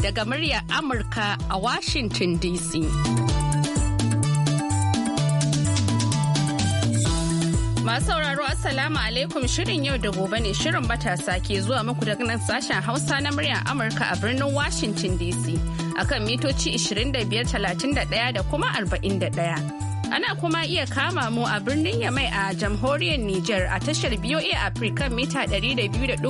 Daga muryar Amurka a Washington DC. Masu sauraro Assalamu alaikum shirin yau da gobe ne shirin matasa ke zuwa muku daga nan sashen Hausa na muryar Amurka a birnin Washington DC. akan mitoci 2531 da kuma 41. Ana kuma iya kama mu a birnin Yamai a jamhuriyar Nijar a tashar BOA Africa mita 200.5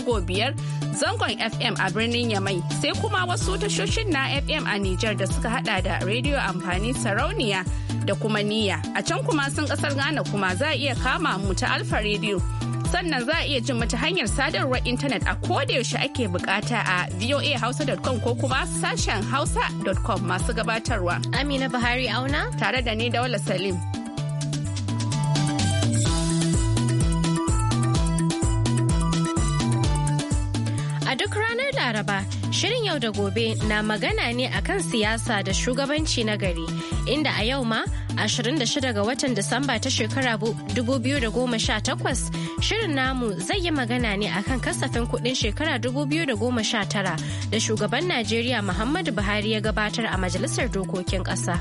zangon FM a birnin Yamai sai kuma wasu tashoshin na FM a Nijar da suka hada da rediyo amfani sarauniya da kuma niya. A can kuma sun kasar Ghana kuma za a iya kama mu ta Alfa Radio. sannan za a iya jin mata hanyar sadarwar intanet a yaushe ake bukata a voahausa.com ko kuma sashen hausa.com masu gabatarwa. Amina Buhari auna tare da ni Daula Salim. A duk ranar Laraba, shirin yau da gobe na magana ne akan siyasa da shugabanci na gari, inda a yau ma 26 ga watan Disamba ta shekara 2018 shirin namu zai yi magana ne akan kasafin kudin shekara 2019 da shugaban Najeriya Muhammadu Buhari ya gabatar a Majalisar Dokokin Ƙasa.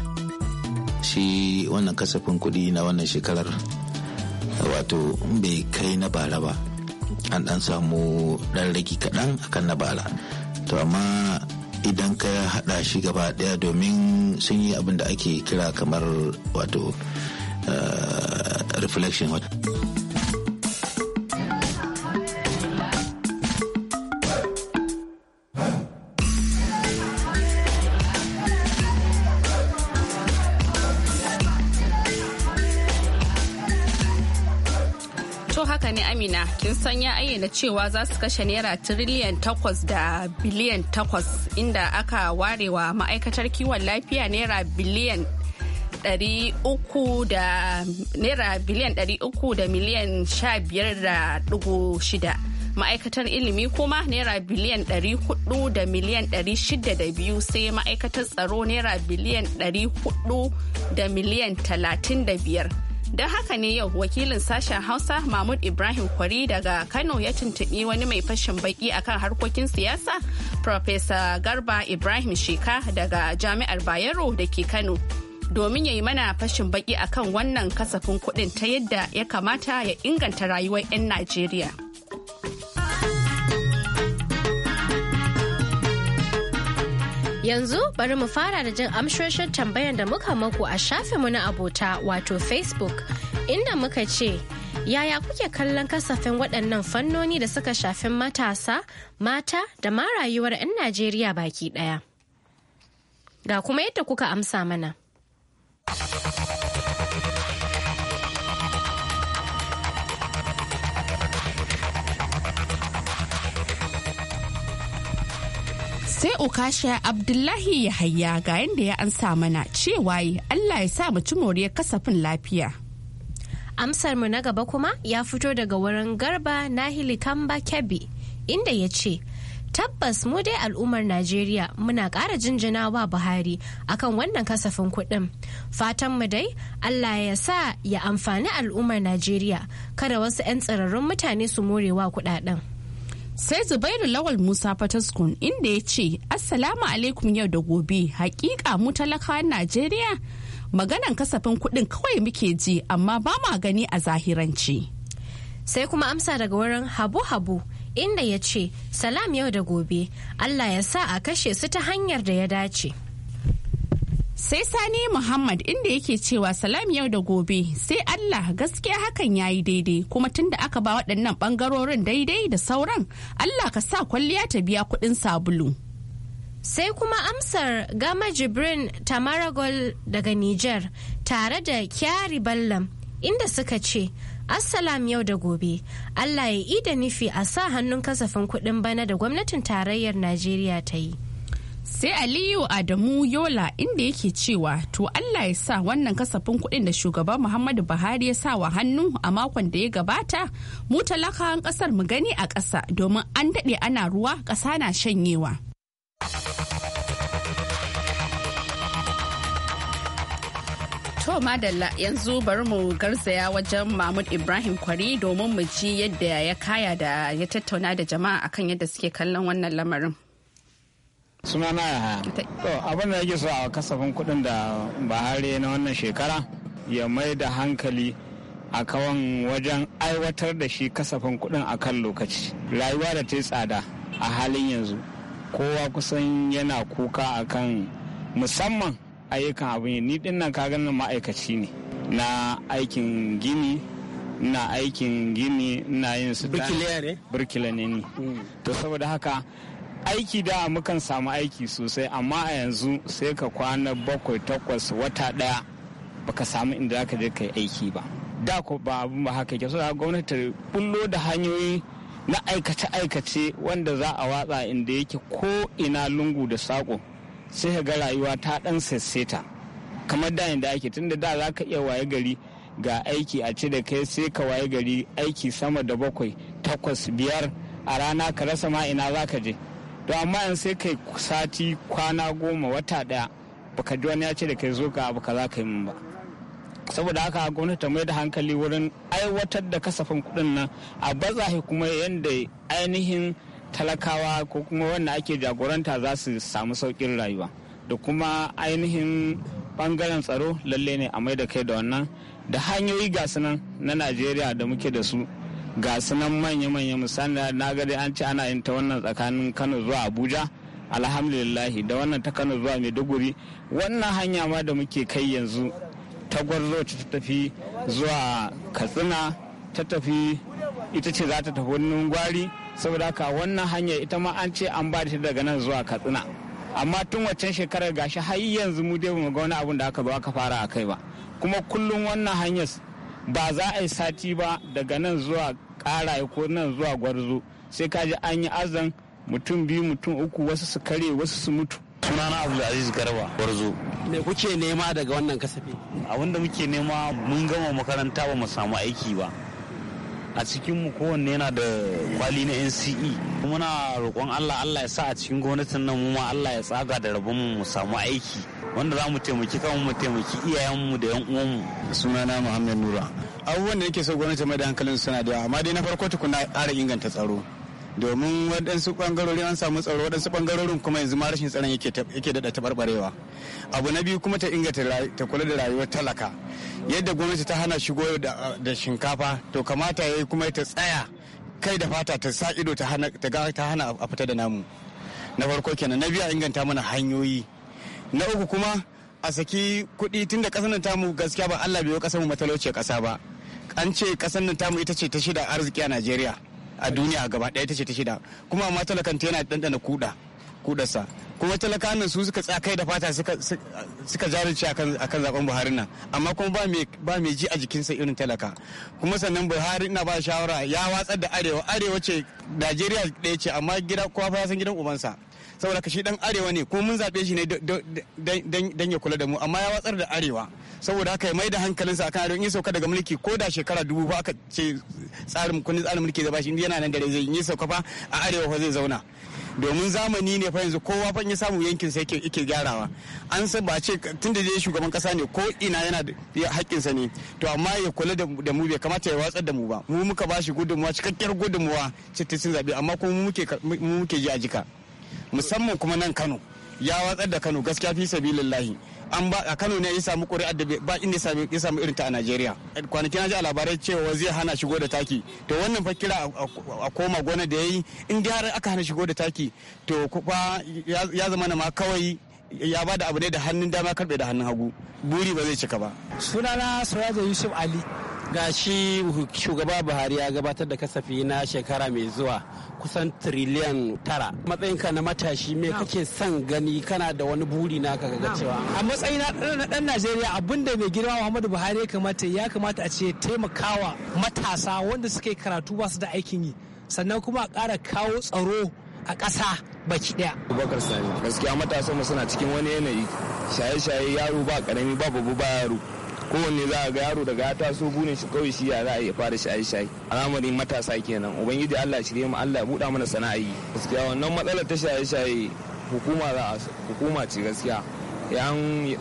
Shi wannan kasafin kudi na wannan shekarar wato bai kai na bara ba an dan samu dan rage kaɗan akan na bara to amma idan ka hada shi gaba daya domin sun yi abin da ake kira kamar wato eh, reflection Amina kin san ya ayyana cewa za su kashe naira tiriliyan takwas da biliyan takwas inda aka warewa ma'aikatar kiwon lafiya naira biliyan uku naira biliyan uku da miliyan shida ma'aikatar ilimi kuma naira biliyan hudu da miliyan shida da biyu sai ma'aikatar tsaro naira biliyan hudu da miliyan talatin da biyar. Don haka ne yau wakilin sashen Hausa Mahmud Ibrahim Kwari daga Kano ya tuntuɓi wani mai fashin baki akan harkokin siyasa, Profesa Garba Ibrahim Sheka daga Jami'ar Bayero da ke Kano. Domin ya yi mana fashin baki akan wannan kasafin kuɗin ta yadda ya kamata ya inganta rayuwar 'yan Najeriya. Yanzu bari mu fara da jin amshoshin tambayar da muka maku a shafinmu na abota wato Facebook inda muka ce yaya kuke kallon kasafin waɗannan fannoni da suka shafi matasa, mata da ma rayuwar 'yan Najeriya baki ɗaya. Ga kuma yadda kuka amsa mana. sai okasha abdullahi yahaya ga yadda ya ansa mana cewa allah ya sa mu ci moriyar kasafin lafiya amsar mu na gaba kuma ya fito daga wurin garba nahili kamba kebbi inda ya ce tabbas mu dai al'ummar najeriya muna kara jinjina wa buhari akan wannan kasafin kuɗin fatan mu dai allah ya sa ya amfani al'ummar najeriya kada wasu 'yan tsirarrun mutane su more wa kuɗaɗen sai zubairu lawal musa fataskun inda ya ce assalamu alaikum yau da gobe hakika mu talakawan najeriya maganan kasafin kuɗin kawai muke ji amma ba ma gani a zahiranci sai kuma amsa daga wurin habu habu inda ya ce salam yau da gobe allah ya sa a kashe su ta hanyar da ya dace sai sani muhammad inda yake cewa salam yau da gobe sai allah gaskiya hakan ya yi daidai kuma tunda aka ba waɗannan ɓangarorin daidai da sauran allah ka sa kwalliya ta biya kuɗin sabulu sai kuma amsar gama jibrin tamaragol daga niger tare da kyari ballam inda suka ce Assalam yau da gobe. Allah ya yi da nufi a sa hannun kasafin kuɗin bana da gwamnatin tarayyar Najeriya ta yi. sai aliyu adamu yola inda yake cewa to allah ya sa wannan kasafin kuɗin da shugaba muhammadu buhari ya sa wa hannu a makon da ya gabata mu talakawan ƙasar mu gani a ƙasa domin an daɗe ana ruwa ƙasa na shanyewa To madalla yanzu bari mu garzaya wajen Mahmud Ibrahim Kwari domin mu ji yadda ya kaya da ya tattauna da jama'a akan yadda suke kallon wannan lamarin. suna na ya to abin da yake so a kasafin kuɗin da bahari na wannan shekara ya mai da hankali a kawan wajen aiwatar da shi kasafin kuɗin a kan lokaci rayuwa da ta yi tsada a halin yanzu kowa kusan yana kuka akan musamman ayyukan abin ni din nan kagan ma'aikaci ne na aikin gini na aikin gini na yin su birkila ne ni hmm. to saboda haka aiki da mukan samu aiki sosai amma a yanzu sai ka kwana bakwai takwas wata daya baka samu inda zaka je kai aiki ba da ko ba abun ba haka ke suna gwamnati bullo da hanyoyi na aikace-aikace wanda za a watsa inda yake ko ina lungu da sako sai ka ga rayuwa ta dan sasseta kamar da inda ake tunda da za ka iya waye gari ga aiki a ce da kai sai ka waye gari aiki sama da bakwai takwas biyar a rana ka rasa ma ina za ka je to amma yanzu sai kai sati kwana goma wata daya baka ji wani ya ce da kai zo ga abu za ka yi min ba saboda haka gwamnati ta mai da hankali wurin aiwatar da kasafin kuɗin nan a bazahi kuma yadda ainihin talakawa ko kuma wanda ake jagoranta za su samu saukin rayuwa da kuma ainihin bangaren tsaro lalle ne a mai da kai da wannan da hanyoyi gasu nan na najeriya da muke da su ga sunan manya-manya misali na ga dai an ce ana yin ta wannan tsakanin kano zuwa abuja alhamdulillahi da wannan ta kano zuwa maiduguri wannan hanya ma da muke kai yanzu ta gwarzo ta tafi zuwa katsina ta tafi ita ce za ta tafi wani gwari saboda haka wannan hanya ita ma an ce an ba ta daga nan zuwa katsina amma tun waccan shekarar gashi har yanzu mu dai mu ga wani abun da aka zo aka fara a kai ba kuma kullum wannan hanyar ba za a yi sati ba daga nan zuwa kara ko nan zuwa gwarzo sai ka ji an yi azan mutum biyu mutum uku wasu su kare wasu su mutu sunana abdulaziz garba gwarzo me kuke nema daga wannan kasafi abinda muke nema mun gama makaranta ba mu samu aiki ba a cikin mu kowanne yana da kwali na NCE Kuma muna roƙon Allah Allah ya sa a cikin gwamnatin nan mu ma Allah ya tsaga da rabon mu samu aiki wanda za mu taimaki kanmu mu taimaki iyayenmu da yan uwanmu sunana Muhammad Nura abubuwan da yake so gwamnati mai da hankalin suna da amma dai na farko tukuna ƙara inganta tsaro domin waɗansu ɓangarori an samu tsaro waɗansu ɓangarorin kuma yanzu ma rashin tsaron yake daɗa taɓarɓarewa abu na biyu kuma ta inganta ta kula da rayuwar talaka yadda gwamnati ta hana shigo da shinkafa to kamata ya yi kuma ta tsaya kai da fata ta sa ido ta hana a fita da namu na farko kenan na biyu a inganta mana hanyoyi na uku kuma a saki kuɗi tun da ƙasar nan tamu gaskiya ba allah bai wa ƙasar mu matalauciyar ƙasa ba an ce kasar nan tamu ita ce ta shida arziki a najeriya a duniya gaba ɗaya ita ce ta shida kuma matalakanta yana ɗanɗana kuɗa kudarsa kuma talakawan nan su suka tsakai da fata suka jarunci a kan zaben Buhari nan amma kuma ba mai ji a jikinsa irin talaka kuma sannan Buhari na ba shawara ya watsar da arewa arewa ce Najeriya ɗaya ce amma gida kowa fa ya san gidan ubansa saboda ka shi dan arewa ne ko mun zaɓe shi ne dan ya kula da mu amma ya watsar da arewa saboda haka ya mai da hankalinsa akan arewa in sauka daga mulki ko da shekara dubu ba aka ce tsarin kundin tsarin mulki zai shi yana nan dare zai yi sauka fa a arewa fa zai zauna domin zamani ne fa yanzu kowa fa ya samu yankin sa yake yake gyarawa an san ba ce tunda dai shugaban kasa ne ko ina yana da haƙƙin sa ne to amma ya kula da mu bai kamata ya watsar da mu ba mu muka bashi gudunmuwa cikakkiyar gudunmuwa cikin zabe amma kuma mu muke mu muke ji a jika musamman kuma nan Kano ya watsar da Kano gaskiya fi sabilillahi an ba a Kano ne ya samu kuri da ba inda ya samu irin ta a Najeriya kwanaki na ji a labarai cewa zai hana shigo da taki to wannan fa kira a koma gona da yayi in dai har aka hana shigo da taki to kuma ya zama na ma kawai ya ba da abu ne da hannun dama karbe da hannun hagu buri ba zai cika ba sunana soyaja yusuf ali ga shugaba buhari ya gabatar da kasafi na shekara mai zuwa kusan triliyan tara matsayinka na matashi me kake son gani kana da wani buri na ka ga cewa a matsayin na dan najeriya da mai girma muhammadu buhari ya kamata ya kamata a ce taimakawa matasa wanda suke karatu ba su da aikin yi sannan kuma a ƙara kawo tsaro a ƙasa baki ɗaya. Abubakar Sani gaskiya matasanmu suna cikin wani yanayi shaye-shaye yaro ba ƙarami ba babu ba yaro kowanne za a ga yaro daga ya taso burin shi kawai shi ya za a iya fara shaye shaye al'amarin matasa kenan ubangiji Allah shirye mu Allah ya buɗa mana sana'a yi gaskiya wannan matsalar ta shaye shaye hukuma za hukuma ce gaskiya yan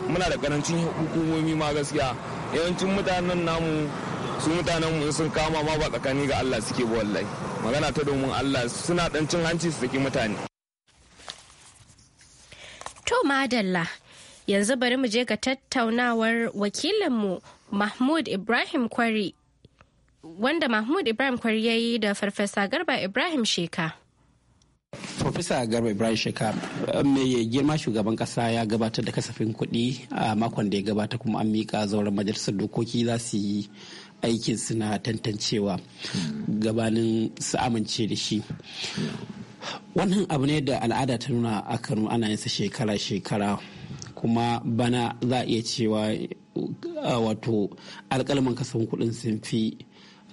muna da karancin hukumomi ma gaskiya yawancin mutanen namu su mutanen mu sun kama ma ba tsakani ga Allah suke ba wallahi magana ta domin Allah suna dan cin hanci su saki mutane to madalla Yanzu bari mu je ga tattaunawar wakilinmu Mahmud Ibrahim Kwari wanda Mahmud Ibrahim Kwari ya yi da Farfesa Garba Ibrahim Sheka. Farfesa Garba Ibrahim Sheka mai girma shugaban kasa ya gabatar da kasafin kuɗi a makon da ya gabata kuma an mika zauren majalisar dokoki za su yi aikin suna tantancewa gabanin su amince da shi. Wannan abu ne da al'ada ta nuna a Kano ana sa shekara-shekara kuma bana za a iya cewa wato alkalman kasan kudin sun fi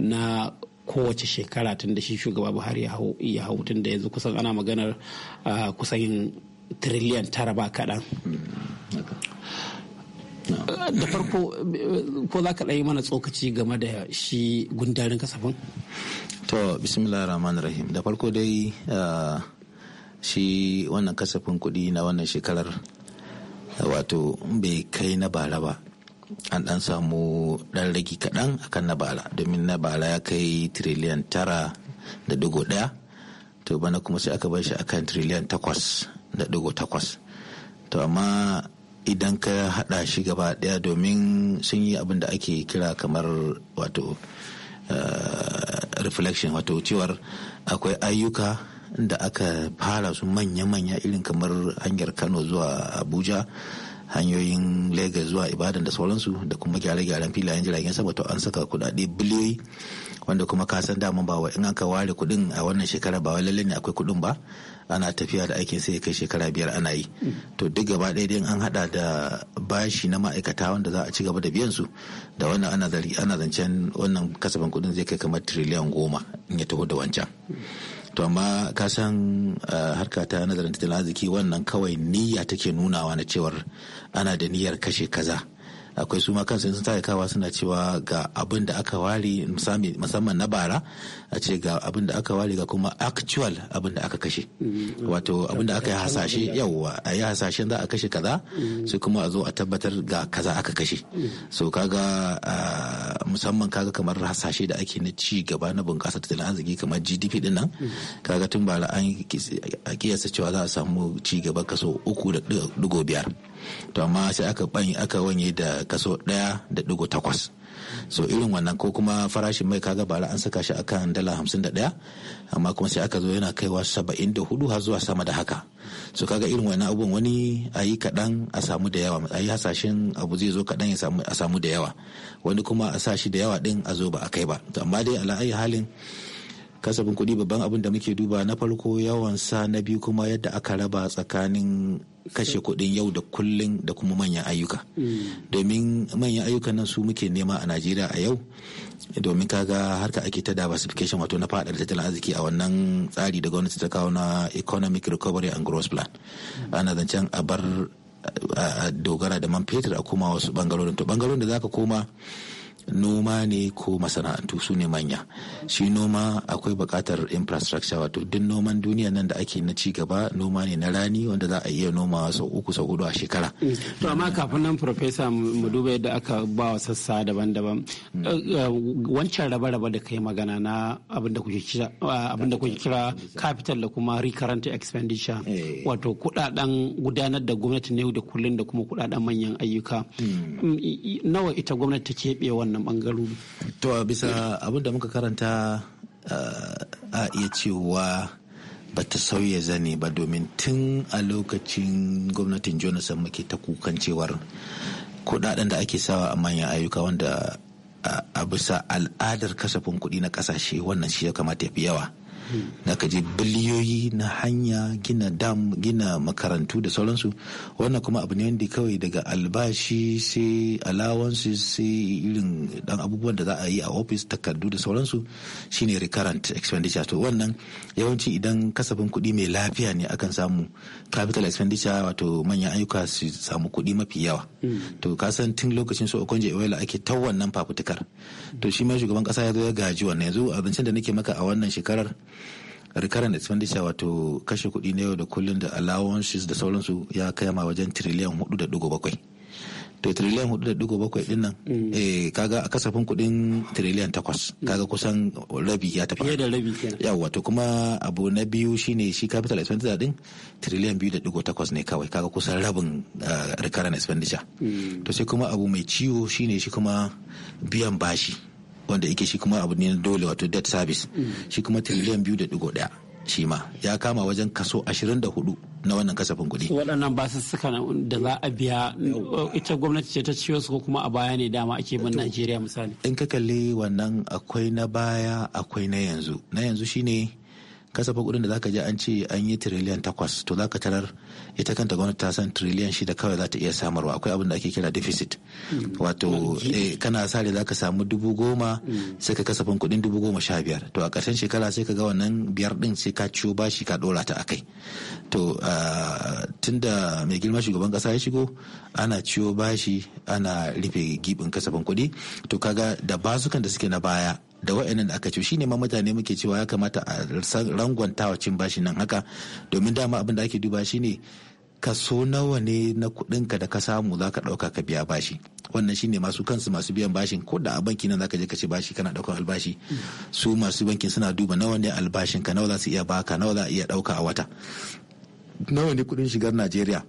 na kowace shekara tun da shi shugaba buhari ya hau tun da yanzu kusan ana maganar kusan tiriliyan tara ba kaɗan da farko ko za ka ɗaya mana tsokaci game da shi gundarin kasafin to bismillah rahman rahim da farko dai shi wannan kasafin kuɗi na wannan shekarar wato bai kai na bara ba an dan samu dan ragi kaɗan akan na bara domin na bara ya kai tiriliyan tara da dugo ɗaya to bana kuma sai aka bar shi akan tiriliyan takwas da dugo takwas to amma idan ka haɗa shi gaba ɗaya domin sun yi abin da ake kira kamar wato eh, reflection wato cewar akwai ayyuka da aka fara su manya-manya irin kamar hanyar kano zuwa abuja hanyoyin Legas zuwa ibadan da sauransu da kuma gyare-gyaren filayen jiragen sama to an saka kudade biliyoyi wanda kuma ka san daman ba in aka ware kudin a wannan shekara ba wai lalle ne akwai kudin ba ana tafiya da aikin sai kai shekara biyar ana yi to duk gaba ɗaya dai an hada da bashi na ma'aikata wanda za a ci gaba da biyan su da wannan ana zancen wannan kasafin kudin zai kai kamar tiriliyan goma in ya taho da wancan to amma ka san eh, harka ta nazarin tattalin arziki wannan kawai niyya take nunawa na cewar ana da niyyar kashe kaza akwai su ma kansu sun sake kawa suna cewa ga abin da aka ware musamman na bara a ce ga abin da aka ware ga kuma actual abin da aka kashe mm-hmm. wato abin da aka yi hasashe yauwa a yi hasashen za a kashe kaza mm-hmm. sai kuma a zo a tabbatar ga kaza aka kashe mm-hmm. so kaga musamman kaga kamar hasashe da ake na ci gaba na bunƙasa tattalin arziki kamar gdp din nan kaga tun bara an kiyasta cewa za a samu ci gaba kaso uku da digo biyar to amma sai aka ban aka wanye da kaso ɗaya da digo takwas so irin wannan ko kuma farashin mai kaga bara an saka shi akan dala hamsin da ɗaya amma kuma sai aka zo yana kaiwa saba'in da hudu har zuwa sama da haka so kaga irin wannan abun wani a yi kaɗan a samu da yawa a yi hasashen abu zai zo kaɗan a samu da yawa wani kuma a sa shi da yawa ɗin a zo ba a kai ba to amma dai ala'ayi halin kasafin kuɗi babban abin da muke duba na farko yawan sa na biyu kuma yadda aka raba tsakanin kashe kuɗin yau da kullun da kuma manyan ayyuka mm. domin manyan ayyukan nan su muke nema a najeriya a yau domin kaga harka ake ta diversification wato na fadar tattalin arziki a wannan tsari da gwamnati ta kawo na economic recovery and growth plan mm. ana zancen a bar dogara da man fetur a koma wasu bangarorin to bangarorin da zaka koma noma ne ko masana'antu su ne manya shi noma akwai bukatar infrastructure wato duk noman duniya nan da ake na cigaba noma ne na rani wanda za a iya nomawa sau uku sau hudu a shekara to amma kafin nan professor mu duba yadda aka ba wa sassa daban-daban mm. eh, eh, wancan raba-raba da kai magana na ah, abin da kuke kira capital da kuma recurrent expenditure eh. wato kudaden gudanar da gwamnati ne da kullun da kuma kudaden manyan ayyuka mm. Mm, nawa ita gwamnati ta keɓe wannan To bisa abin da muka karanta eh, a iya cewa ba ta sauya zane ba domin tun a lokacin gwamnatin jonathan muke ta kukan cewar kudaden da ake sawa a manyan ayyuka wanda a bisa al'adar kasafin kuɗi na ƙasashe wannan shi ya kamata ya fi yawa na ka je biliyoyi na hanya gina dam gina makarantu da sauransu wannan kuma abu ne wanda kawai daga albashi sai alawansu sai irin dan abubuwan da za a yi a ofis takardu da sauransu shine recurrent expenditure to wannan yawanci idan kasafin kuɗi mai lafiya ne akan samu capital expenditure wato manyan ayyuka su samu kuɗi mafi yawa hmm. to ka san tun lokacin su okonje iwela ake ta wannan fafutukar to shi ma shugaban kasa ya zo ya gaji wannan yanzu abincin da nake maka a wannan shekarar recurrent expenditure wato kashe kuɗi na yau da kullum da allowances da sauransu ya kai ma wajen triliyan hudu da dugo bakwai to triliyan hudu da dugo bakwai din nan mm. eh kaga a kasafin kuɗin triliyan takwas mm. kaga kusan rabi ya tafi fiye da rabi kenan yawa to kuma abu na biyu shine shi capital expenditure din triliyan biyu da dugo takwas ne kawai kaga kusan rabin eh, recurrent expenditure mm. to sai kuma abu mai ciwo shine shi kuma biyan bashi wanda yake shi kuma abu ne na dole wato debt service mm. shi kuma tiriliyan biyu da digo daya shi ma ya kama wajen kaso hudu na wannan kasafin kuɗi. waɗannan basussuka da za a biya ita gwamnati ce ta ciyo su ko kuma a baya ne dama ake bin najeriya misali in ka kalli wannan akwai na baya akwai na yanzu na yanzu shine kasafin kuɗin da zaka je an ce an yi tiriliyan takwas to zaka tarar ita kanta gwamnati ta san tiriliyan shida kawai za ta iya samarwa akwai abin da ake kira deficit hmm. wato eh, kana sare zaka samu dubu goma hmm. sai ka kasafin kuɗin dubu goma sha biyar to a ƙarshen shekara sai ka ga wannan biyar ɗin sai ka ciwo bashi ka dora ta akai to ah, tunda mai girma shugaban kasa ya shigo ana ciwo bashi ana rufe gibin kasafin kuɗi to kaga da basukan da suke na baya da wa'annan da aka ce shine ma mutane muke cewa ya kamata a rangwantawa cin bashi nan haka domin dama abin da ake duba shine kaso nawa ne na kuɗinka da ka samu za ka ɗauka ka biya bashi wannan shine masu kansu masu biyan bashin ko da a banki nan zaka je ka ce bashi kana ɗaukar albashi su masu bankin suna duba nawa ne albashin ka nawa za su iya baka nawa za a iya ɗauka a wata nawa ne kuɗin shigar najeriya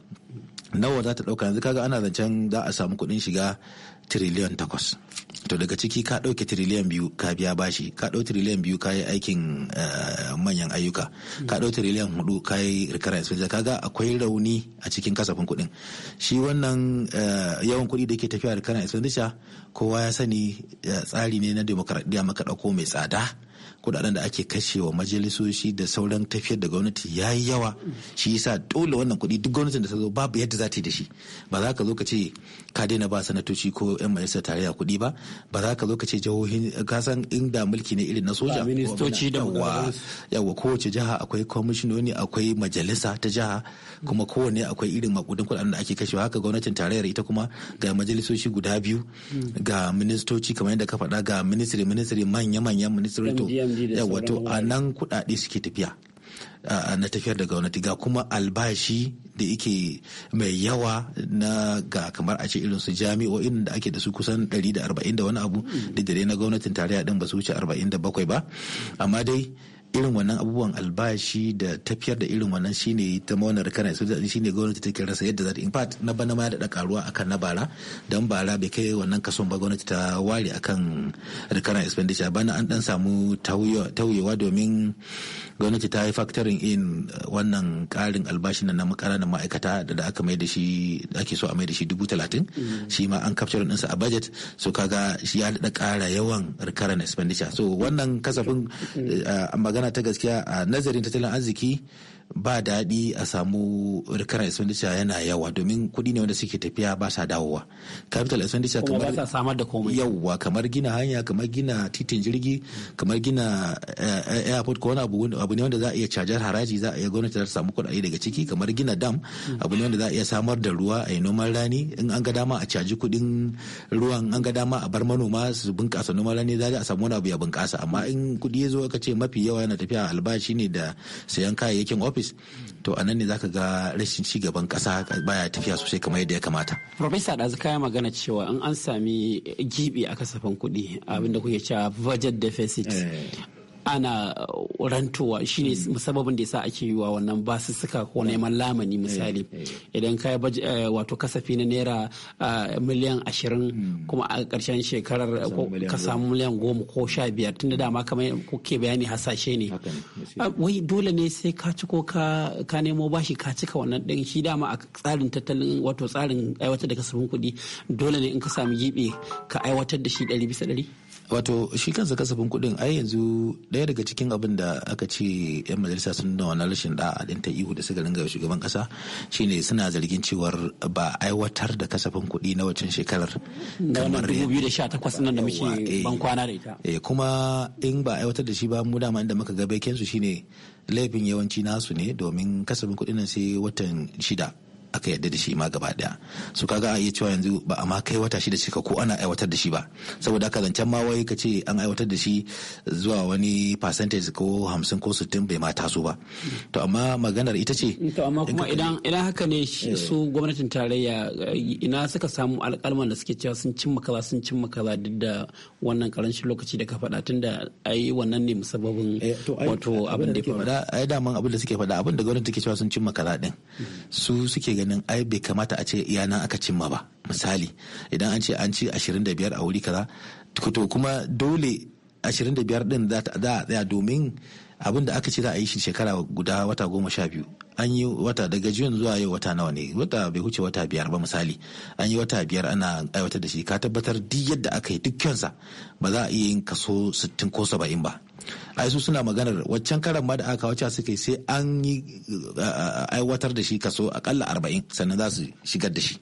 nawa za ta ɗauka yanzu kaga ana zancen za a samu kuɗin shiga tiriliyan takwas to daga ciki ka ɗauke tiriliyan biyu ka biya bashi ka ɗau tiriliyan biyu ka yi aikin eh, manyan ayyuka ka ɗau tiriliyan hudu ka yi recurrent ka kaga akwai rauni a cikin kasafin kuɗin shi wannan eh, yawan kuɗi da ke tafiya recurrent expenditure kowa ya sani eh, tsari ne na demokaradiyya maka ɗauko mai tsada kudaden da ake kashewa majalisoshi da sauran tafiyar da gwamnati ya yi yawa shi yasa dole wannan kuɗi duk gwamnatin da ta zo babu yadda za ta yi da shi ba za ka zo ka ce ka daina ba sanatoci ko yan majalisar tarayya kuɗi ba ba za ka zo ka ce jihohi ka san inda mulki ne irin na soja ministoci da yawa kowace jiha akwai kwamishinoni akwai majalisa ta jiha kuma kowanne akwai irin makudin kuɗaɗen da ake kashewa haka gwamnatin tarayyar ita kuma ga majalisoshi guda biyu ga ministoci kamar yadda ka faɗa ga ministry ministry manya-manyan ministry to yawa to a nan kuɗaɗe suke tafiya na tafiyar da gwamnati ga kuma albashi da yake mai yawa na ga kamar a ce irin su jami'o'in da ake da su kusan 140 da wani abu hmm. da dare na gwamnatin tarayya din ba su wuce 47 ba amma dai irin wannan abubuwan albashi da tafiyar da irin wannan shine ta da kana su da shine gwamnati take rasa yadda za ta in fact na bana ma da karuwa akan na bara dan bara bai kai wannan kason ba gwamnati ta ware akan recurrent expenditure bana an dan samu tauyewa domin gwamnati ta yi factoring in wannan karin albashin na makaranan ma'aikata da aka mai da shi ake so a mai da shi dubu talatin mm. shi ma an capture sa a budget so kaga ya daɗa kara yawan recurrent expenditure so wannan kasafin mm. eh, magana magana ta gaskiya a nazarin tattalin arziki ba daɗi a samu recurrent expenditure yana yawa domin kuɗi ne wanda suke tafiya ba sa dawowa capital expenditure kamar samar da komai yawa kamar gina hanya kamar gina titin jirgi kamar gina eh, eh, airport ko wani abu ne wanda za a iya cajar haraji za a iya gwamnati da ta samu kuɗaɗe daga ciki kamar gina dam abu ne wanda za a iya samar da ruwa a yi noman rani in an ga dama a caji kuɗin ruwan an ga dama a bar manoma su bunƙasa noman rani za a samu wani abu ya bunƙasa amma in kuɗi ya zo aka ce mafi yawa yana tafiya albashi ne da sayan kayayyakin ofis office to a nan ne zaka ga rashin ci gaban kasa baya tafiya sosai kamar yadda ya kamata professor da ya magana cewa in an sami gibi a kasafin kuɗi abinda kuke cewa budget deficit eh. ana rantowa shi ne mm. sababin da ya sa ake yi wa wannan basussuka ko neman lamani misali idan ka yi eh, wato kasafi na naira eh, miliyan ashirin mm. kuma a ƙarshen shekarar ka samu miliyan goma ko sha biyar tunda dama kamar kuke bayani hasashe ne ah, wai dole ne sai ka ci ko ka nemo bashi ka cika wannan ɗin shi dama a tsarin tattalin wato tsarin aiwatar da kasafin kuɗi dole ne in ka samu giɓe ka aiwatar da shi ɗari bisa ɗari wato shi kansa kasafin kuɗin ai yanzu ɗaya daga cikin abin da aka ce 'yan majalisa sun da wani rashin da ɗin ta ihu da suka ringa shugaban ƙasa shine suna zargin cewar ba aiwatar da kasafin kuɗi na wacan shekarar kamar 2018 eh. eh, kuma in ba aiwatar da shi ba mu dama inda muka ga baikensu shine laifin yawanci nasu ne domin kasafin kuɗin nan sai watan shida aka yarda da shi ma gaba daya su kaga a iya cewa yanzu ba a ma kai wata shida cika ko ana aiwatar da shi ba saboda haka zancen ma wai ka ce an aiwatar da shi zuwa wani percentage ko hamsin ko sittin bai ma taso ba to amma maganar ita ce to amma kuma idan idan haka ne eh. su gwamnatin tarayya ina suka samu alƙalman da suke cewa sun cimma kaza sun cimma kaza duk da wannan karancin lokaci da ka faɗa tunda ai wannan ne musababin eh, wato abin da ya faɗa ai daman abin da suke faɗa abin da gwamnati take cewa sun cimma kaza din hmm. su suke ganin ai bai kamata a ce iyanan aka cimma ba misali idan an ce an ci 25 a wuri kaza to kuma dole 25 din za a tsaya domin abin da aka ce za a yi shi shekara guda wata goma sha biyu an yi wata daga june zuwa yau wata nawa ne wata bai huce wata biyar ba misali an yi wata biyar ana aiwatar da shi ka tabbatar di yadda aka yi dukkansa ba za a iya yin kaso 60 ko 70 ba ai su suna maganar waccan karan ma da aka wacce suke sai an yi aiwatar da shi kaso akalla 40 sannan za su shigar da shi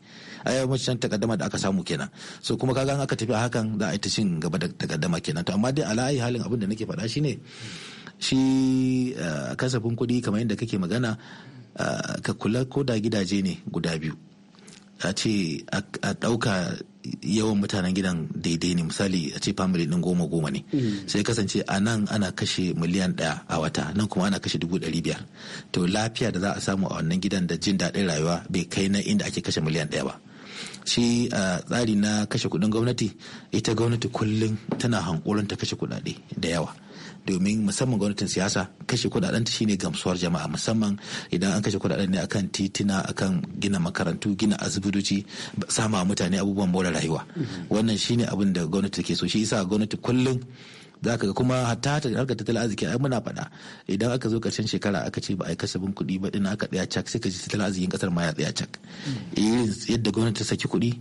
ai wancan takaddama da aka samu kenan so kuma kaga an aka tafi a hakan za a yi ta cin gaba da takaddama kenan to amma dai alayi halin abin da nake faɗa shine ne shi eh, kasafin kuɗi kamar yadda kake magana eh, ka kula ko da gidaje ne guda biyu a ce a ɗauka yawan mutanen gidan daidai ne misali a ce famili din goma goma ne mm. sai kasance a nan ana kashe miliyan ɗaya a wata nan kuma ana kashe dubu ɗari biyar to lafiya da za a samu a wannan gidan da jin daɗin rayuwa bai kai na inda ake kashe miliyan ɗaya ba shi a eh, tsari na kashe kuɗin gwamnati ita gwamnati kullum tana hankulin ta kashe kuɗaɗe da yawa domin musamman gwamnatin siyasa kashe kudaden ta shine gamsuwar jama'a musamman idan an kashe kudaden ne akan titina akan gina makarantu gina asibitoci sama mutane abubuwan more rayuwa mm-hmm. wannan shine abin da gwamnati ke so shi yasa gwamnati kullum za ka ga kuma hatta ta harkar tattalin arziki ai muna faɗa idan aka zo karshen shekara aka ce ba a yi kasafin kuɗi ba din aka tsaya cak sai ka ji tattalin arzikin ƙasar ma ya tsaya cak mm. yadda gwamnati ta saki kuɗi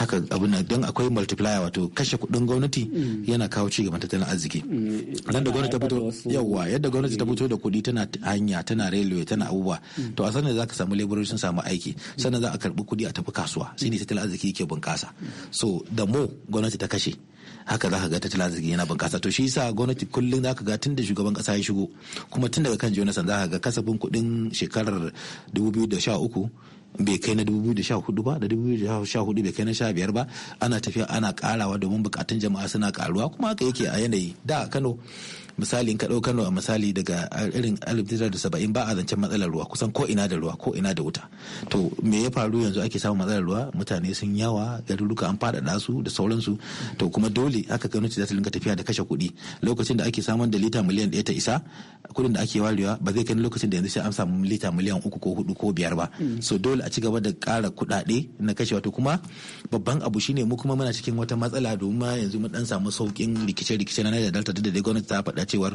haka abin nan don akwai multiplier wato kashe kuɗin gwamnati mm. yana kawo ci gaban tattalin arziki nan mm. da gwamnati ta fito yawa yadda gwamnati ta fito da kuɗi tana hanya tana railway tana abubuwa to a sanin za ka samu laborori sun samu aiki sannan za a karɓi kuɗi a tafi kasuwa shine tattalin arziki yake bunƙasa so da mo gwamnati ta kashe haka za ka ga tattalin arziki yana bunƙasa to shi yasa gwamnati kullum za ka ga tun da shugaban ƙasa ya shigo kuma tun daga kan jonathan za ka ga kasafin kuɗin shekarar 2013 bai kai na 2014 ba da 2014 bai kai na 15 ba ana tafiya ana karawa domin bukatun jama'a suna karuwa kuma haka yake a yanayi da kano misali in ka ɗau Kano a misali daga irin alif da saba'in ba a zancen matsalar ruwa kusan ko ina da ruwa ko ina da wuta to me ya faru yanzu ake samun matsalar ruwa mutane sun yawa garuruka an faɗaɗa su da sauransu to kuma dole haka gwamnati za ta dinga tafiya da kashe kuɗi lokacin da ake samun da lita miliyan ɗaya ta isa kuɗin da ake warewa ba zai kai lokacin da yanzu sai an samu lita miliyan uku ko hudu ko biyar ba hmm. so dole a ci gaba da ƙara kuɗaɗe na kashe wato kuma babban abu shine mu kuma muna cikin wata matsala domin yanzu mu dan samu saukin rikice-rikice na Niger Delta da dai gwamnati ta faɗa cewar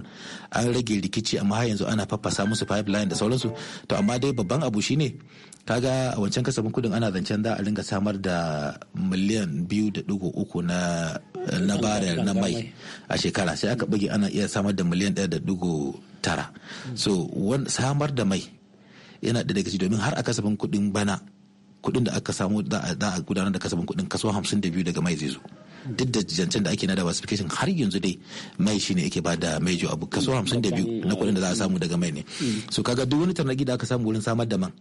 an rage rikici amma har yanzu ana faffasa musu pipeline da sauransu to amma dai babban abu shine kaga a wancan kasafin kudin ana zancen za a ringa samar da miliyan biyu da dugu uku na na na mai a shekara sai aka bugi ana iya samar da miliyan ɗaya da dugu tara so samar da mai yana da daga domin har a kasafin kudin bana kudin da aka samu za a gudanar da kasafin kudin kaso hamsin da biyu daga mai zai zo duk da zancen da ake na diversification har yanzu dai mai shine yake ba da mai abu kaso 52 mm, na kudin da za a samu daga mai ne mm. so kaga duk wani tarnaki da aka samu wurin samar da man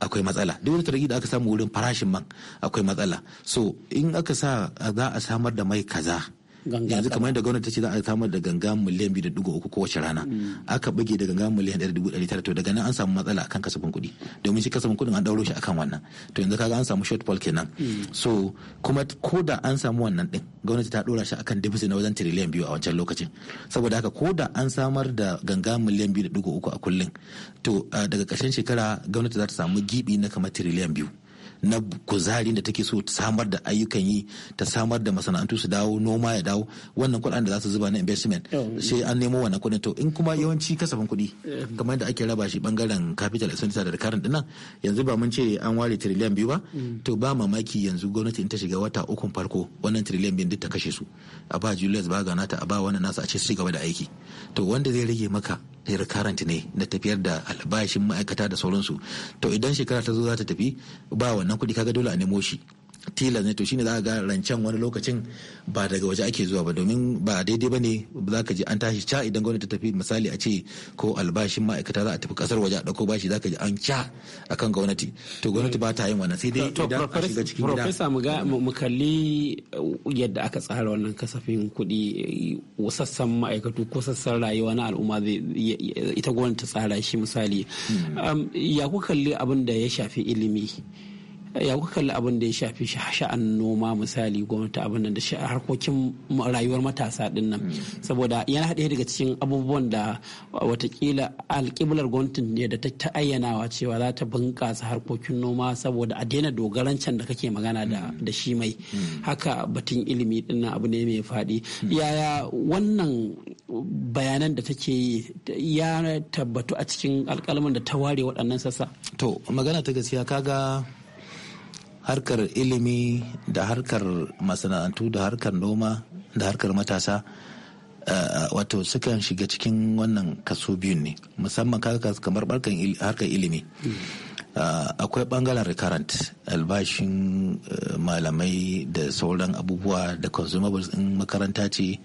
akwai matsala duk wani tarnaki da aka samu wurin farashin man akwai matsala so in aka sa za a samar da mai kaza yanzu kamar da gwamnati ta ce za a samar da ganga miliyan biyu da dugo uku kowace rana mm. aka bige da ganga miliyan ɗari dubu ɗari tara to daga nan an samu matsala akan kasafin kuɗi domin shi kasafin kuɗin an ɗauro shi akan wannan to yanzu kaga an samu shortfall kenan mm. so kuma ko da an samu wannan ɗin gwamnati ta ɗora shi akan deficit na wajen tiriliyan biyu a wancan lokacin saboda haka ko da an samar da ganga miliyan biyu da dugo uku a kullum to eh, daga ƙarshen shekara gwamnati za ta samu gibi na kamar tiriliyan biyu na kuzari da take so ta samar da ayyukan yi ta samar da masana'antu su dawo noma ya dawo wannan kuɗin da za su zuba na investment sai an nemo wannan kuɗin to in kuma yawanci kasafin kuɗi eh. kamar yadda ake raba shi bangaren capital expenditure da current dinnan yanzu ba mun ce an ware trillion biyu ba mm. to ba mamaki yanzu gwamnati in ta shiga wata ukun farko wannan trillion biyu duk ta kashe su a ba Julius ba ganata a ba wannan nasa a ce su gaba da aiki to wanda zai rage maka recurrent ne na tafiyar da albashin ma'aikata da sauransu to idan shekara ta zo za ta tafi ba wannan kuɗi kaga dole a nemo shi tilas ne to shine za ga rancen wani lokacin ba daga waje ake zuwa ba domin ba daidai ba ne za ka ji an tashi ca idan gwamnati ta tafi misali a ce ko albashin ma'aikata za a tafi kasar waje a ɗauko bashi za ka ji an ca akan gwamnati to gwamnati ba ta yin wannan sai dai idan a shiga cikin gida profesa mu kalli uh, yadda aka tsara wannan kasafin kuɗi uh, sassan ma'aikatu ko sassan rayuwa na al'umma ita gwamnati ta tsara shi misali hmm. um, ya ku kalli abin da ya shafi ilimi ya ku kalli abin da ya shafi sha'an noma misali gwamnati abin da harkokin rayuwar matasa din nan saboda yana haɗe daga cikin abubuwan da watakila alƙiblar gwamnatin ne da ta ayyanawa cewa za ta bunƙasa harkokin noma saboda a daina dogaran can da kake magana da shi mai haka batun ilimi din nan abu ne mai faɗi yaya wannan bayanan da take yi ya tabbatu a cikin alƙalman da ta ware waɗannan sassa to magana ta gaskiya kaga harkar ilimi da harkar masana'antu da harkar noma da harkar matasa eh, wato sukan shiga cikin wannan kaso biyun ne musamman kamar harkar ilimi hmm. eh, akwai bangaren recurrent albashin eh, malamai da sauran abubuwa da consumables in makaranta ce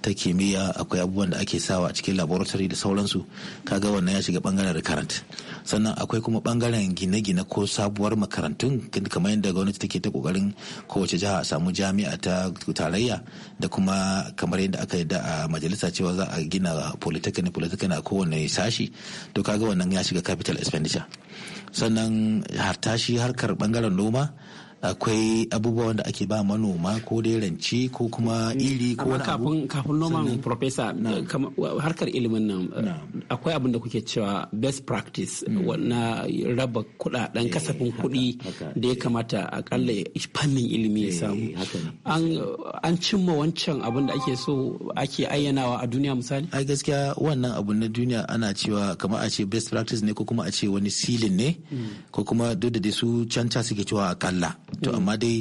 ta kimiyya akwai abubuwan da ake sawa a cikin laboratory da sauransu kaga wannan ya shiga bangaren recurrent sannan akwai kuma bangaren gine-gine ko sabuwar makarantun kamar yadda gwamnati take ta kokarin kowace jiha a samu jami'a ta tarayya da kuma kamar yadda aka yadda a majalisa cewa za a gina polytechnic polytechnic a kowane sashi to kaga wannan ya shiga capital expenditure sannan har tashi harkar bangaren noma akwai abubuwan da ake ba manoma ko dai rance ko kuma iri ko wani abu kafin noman professor harkar ilimin nan uh, akwai abin da kuke cewa best practice uh, hmm. na raba kudaden eh, kasafin kuɗi da ya kamata akalla hmm. fannin ilimi ya eh, samu an cimma wancan abin da ake so ake ayyanawa a duniya misali ai gaskiya wannan abu na duniya ana cewa kamar a ce best practice ne ko kuma a ce wani silin ne hmm. ko kuma duk da su cancanci suke cewa a kalla. to mm. amma dai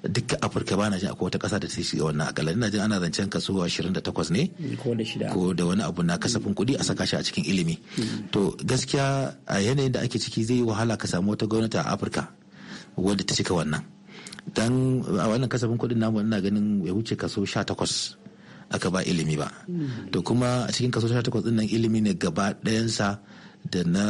duka afirka ba na jin akwai wata kasa da ta shiga wannan akalla ina jin ana zancen kaso 28 ne mm, ko da wani abu na kasafin kuɗi a saka shi a cikin ilimi mm. to gaskiya a yanayin da ake ciki zai yi wahala ka samu wata gwamnati a afirka wadda ta cika wannan dan a wannan kasafin kuɗin namu ina ganin ya wuce kaso 18 aka ba ilimi ba to kuma a cikin kaso 18 din nan ilimi ne gaba ɗayansa da na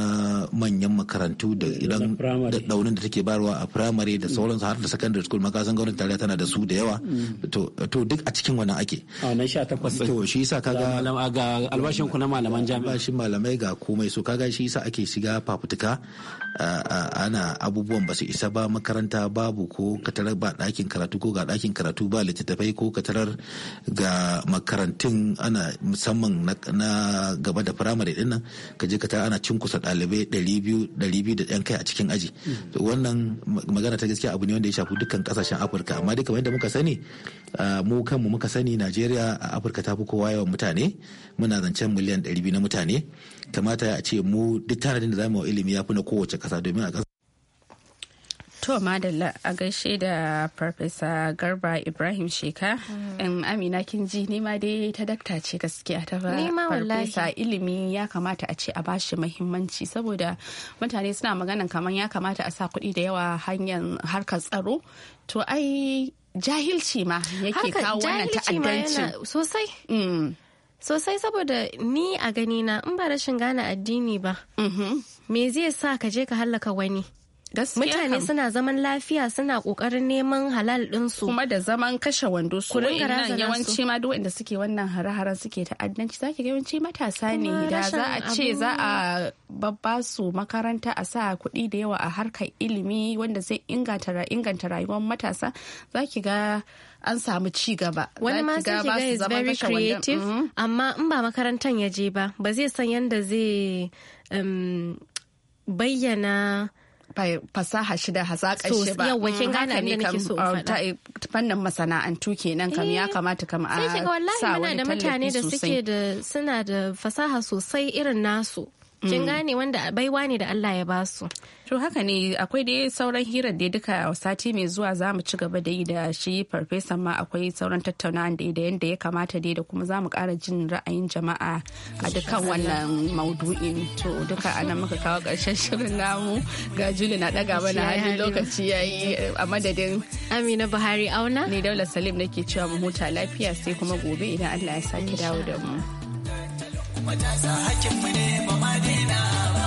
manyan makarantu da idan da daunin da take bayarwa a firamare da mm. sauransu har da secondary school san gwamnati tarayya tana da su da yawa mm. to duk a cikin wannan ake a nan 18 to shi yasa kaga ga albashin ku na malaman jami'a albashin malamai ga komai so kaga shi yasa ake shiga fafutuka ana abubuwan ba su isa ba makaranta babu ko katarar ba ɗakin karatu ko ga ɗakin karatu ba littattafai ko katarar ga makarantun ana musamman na gaba da firamare dinnan ka je ka ana cinkusa ɗalibai ɗari biyu ɗari biyu da ɗan kai a cikin aji wannan magana ta gaskiya abu ne wanda ya shafi dukkan ƙasashen afirka amma dai kamar yadda muka sani mu kanmu muka sani najeriya a afirka ta fi kowa yawan mutane muna zancen miliyan ɗari biyu na mutane kamata a ce mu duk tanadin da za mu ilimi ya fi na kowace ƙasa domin a To Madalla a gaishe da Farfesa Garba Ibrahim Sheka. Mm. Um, Amina kin ji ni ma dai ta dakta ce gaskiya ta Farfesa ilimi ya kamata a ce a bashi mahimmanci saboda mutane suna maganan kamar ya kamata a sa kuɗi da yawa hanyar harkar tsaro. To ai jahilci ma yake kawo wannan ta'addanci. Sosai. Mm. Sosai saboda ni a ganina in ba rashin gane addini ba. Mm-hmm. Me zai sa ka je ka hallaka wani? mutane suna zaman lafiya suna kokarin neman halal ɗinsu kuma da zaman kashe wando su nan yawanci ma duk wanda suke wannan hare-haren suke ta'addanci zaki ga yawanci matasa ne da za a ce za a babba su makaranta a sa kuɗi da yawa a harkar ilimi wanda zai inganta rayuwar matasa zaki ga an samu ci gaba. Wani ma sai ga is very creative, mm-hmm. amma in ba makarantar ya je ba, ba zai san yadda zai um, bayyana fasaha shida da hazaƙa shi ba. Yawwa mm, kin gane ne nake so um, faɗa. Fannin masana'antu kenan kam ya eh, kamata kama a sa wani tallafi sosai. Sai wallahi muna da mutane da suke da suna da fasaha sosai irin nasu. kin mm. gane wanda baiwa ne da Allah ya basu to haka ne akwai dai sauran hirar da duka sati mai zuwa za mu ci gaba da yi da shi farfesan ma akwai sauran tattaunawa da da yanda ya kamata dai da kuma za mu kara jin ra'ayin jama'a a dukkan wannan maudu'in to duka anan muka kawo karshen shirin namu ga Juli na daga mana hannun lokaci yayi a madadin Amina Buhari Auna ni Daula Salim nake cewa mu huta lafiya sai kuma gobe idan Allah ya sake dawo da mu hakkin hakkinmu ne ba ma daina ba